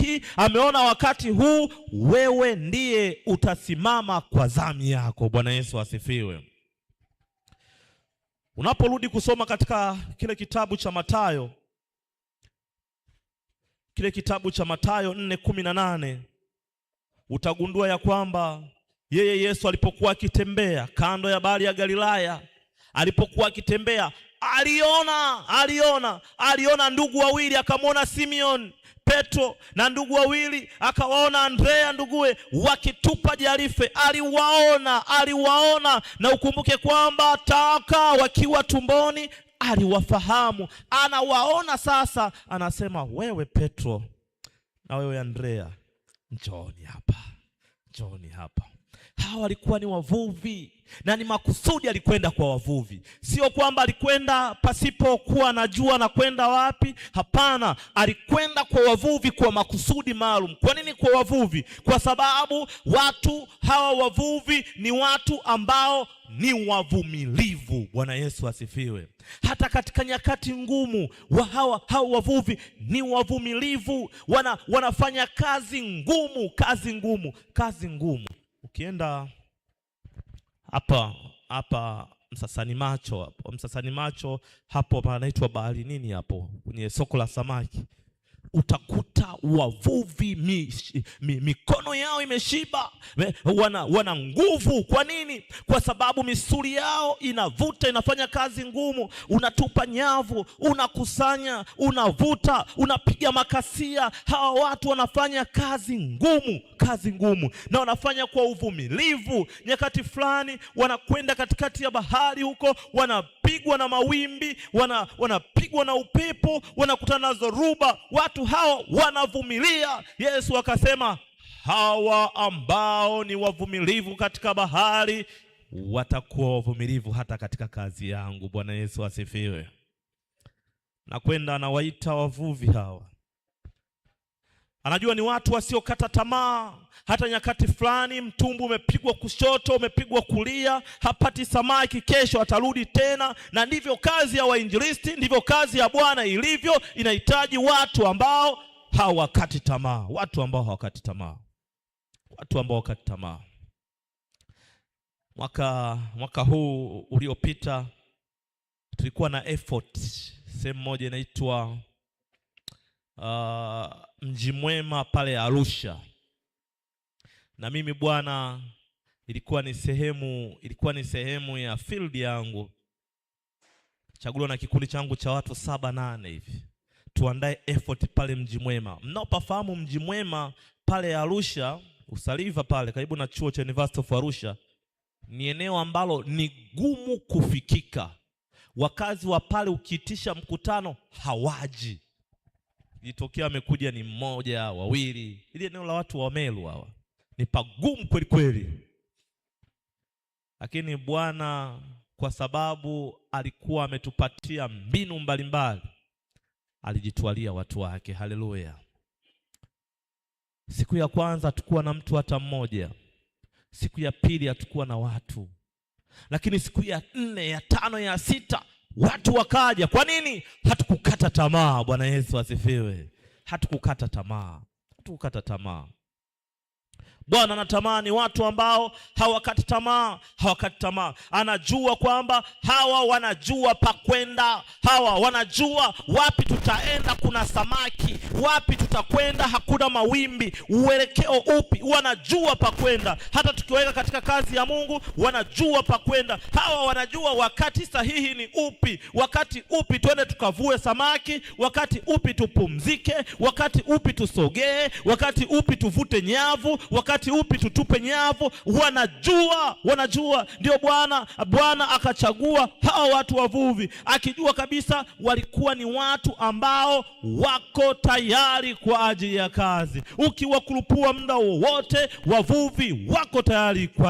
sahihi, ameona wakati huu wewe ndiye utasimama kwa zamu yako. Bwana Yesu asifiwe. Unaporudi kusoma katika kile kitabu cha Mathayo, kile kitabu cha Mathayo 4:18 utagundua ya kwamba yeye Yesu alipokuwa akitembea kando ya bahari ya Galilaya, alipokuwa akitembea aliona aliona aliona ndugu wawili, akamwona Simeon Petro na ndugu wawili, akawaona Andrea nduguwe wakitupa jarife. Aliwaona, aliwaona, na ukumbuke kwamba taka wakiwa tumboni aliwafahamu, anawaona sasa. Anasema, wewe Petro na wewe Andrea, njooni hapa, njooni hapa hawa walikuwa ni wavuvi na ni makusudi alikwenda kwa wavuvi, sio kwamba alikwenda pasipokuwa anajua na kwenda wapi. Hapana, alikwenda kwa wavuvi kwa makusudi maalum. Kwa nini kwa wavuvi? Kwa sababu watu hawa wavuvi ni watu ambao ni wavumilivu. Bwana Yesu asifiwe. Hata katika nyakati ngumu wa hawa, hawa wavuvi ni wavumilivu, wana, wanafanya kazi ngumu, kazi ngumu, kazi ngumu Ukienda hapa hapa Msasani Macho hapo Msasani Macho hapo panaitwa bahari nini hapo kwenye soko la samaki utakuta wavuvi mi, mi, mikono yao imeshiba, wana, wana nguvu. Kwa nini? Kwa sababu misuli yao inavuta, inafanya kazi ngumu. Unatupa nyavu, unakusanya, unavuta, unapiga makasia. Hawa watu wanafanya kazi ngumu, kazi ngumu, na wanafanya kwa uvumilivu. Nyakati fulani wanakwenda katikati ya bahari huko, wanapigwa na mawimbi, wanapigwa wana na upepo, wanakutana na dhoruba watu watu hao wanavumilia. Yesu akasema hawa ambao ni wavumilivu katika bahari watakuwa wavumilivu hata katika kazi yangu. Bwana Yesu asifiwe. Nakwenda anawaita wavuvi hawa Anajua ni watu wasiokata tamaa. Hata nyakati fulani mtumbu umepigwa kushoto, umepigwa kulia, hapati samaki, kesho atarudi tena. Na ndivyo kazi ya wainjilisti, ndivyo kazi ya Bwana ilivyo. Inahitaji watu ambao hawakati tamaa, watu ambao hawakati tamaa, watu ambao hawakati tamaa. Mwaka, mwaka huu uliopita tulikuwa na effort sehemu moja inaitwa uh, Mji Mwema pale Arusha, na mimi bwana, ilikuwa ni sehemu ilikuwa ni sehemu ya field yangu, chaguliwa na kikundi changu cha watu saba nane hivi, tuandae effort pale Mji Mwema. Mnaopafahamu Mji Mwema pale Arusha, Usaliva pale karibu na chuo cha University of Arusha, ni eneo ambalo ni gumu kufikika. Wakazi wa pale ukiitisha mkutano hawaji jitokea amekuja ni mmoja wawili, ili eneo la watu wa Melu hawa ni pagumu kweli kweli, lakini Bwana kwa sababu alikuwa ametupatia mbinu mbalimbali mbali, alijitwalia watu wake. Haleluya! Siku ya kwanza hatukuwa na mtu hata mmoja, siku ya pili hatukuwa na watu, lakini siku ya nne, ya tano, ya sita watu wakaja. Kwa nini? Hatukukata tamaa. Bwana Yesu asifiwe. Hatukukata tamaa, hatukukata tamaa. Bwana anatamani watu ambao hawakati tamaa, hawakati tamaa. Anajua kwamba hawa wanajua pa kwenda, hawa wanajua wapi tutaenda, kuna samaki, wapi tutakwenda, hakuna mawimbi, uelekeo upi, wanajua pa kwenda. Hata tukiweka katika kazi ya Mungu, wanajua pa kwenda. Hawa wanajua wakati sahihi ni upi, wakati upi twende tukavue samaki, wakati upi tupumzike, wakati upi tusogee, wakati upi tuvute nyavu, wakati wakati upi tutupe nyavu. Wanajua, wanajua. Ndio Bwana Bwana akachagua hawa watu wavuvi, akijua kabisa walikuwa ni watu ambao wako tayari kwa ajili ya kazi. Ukiwakurupua muda wowote, wavuvi wako tayari kwa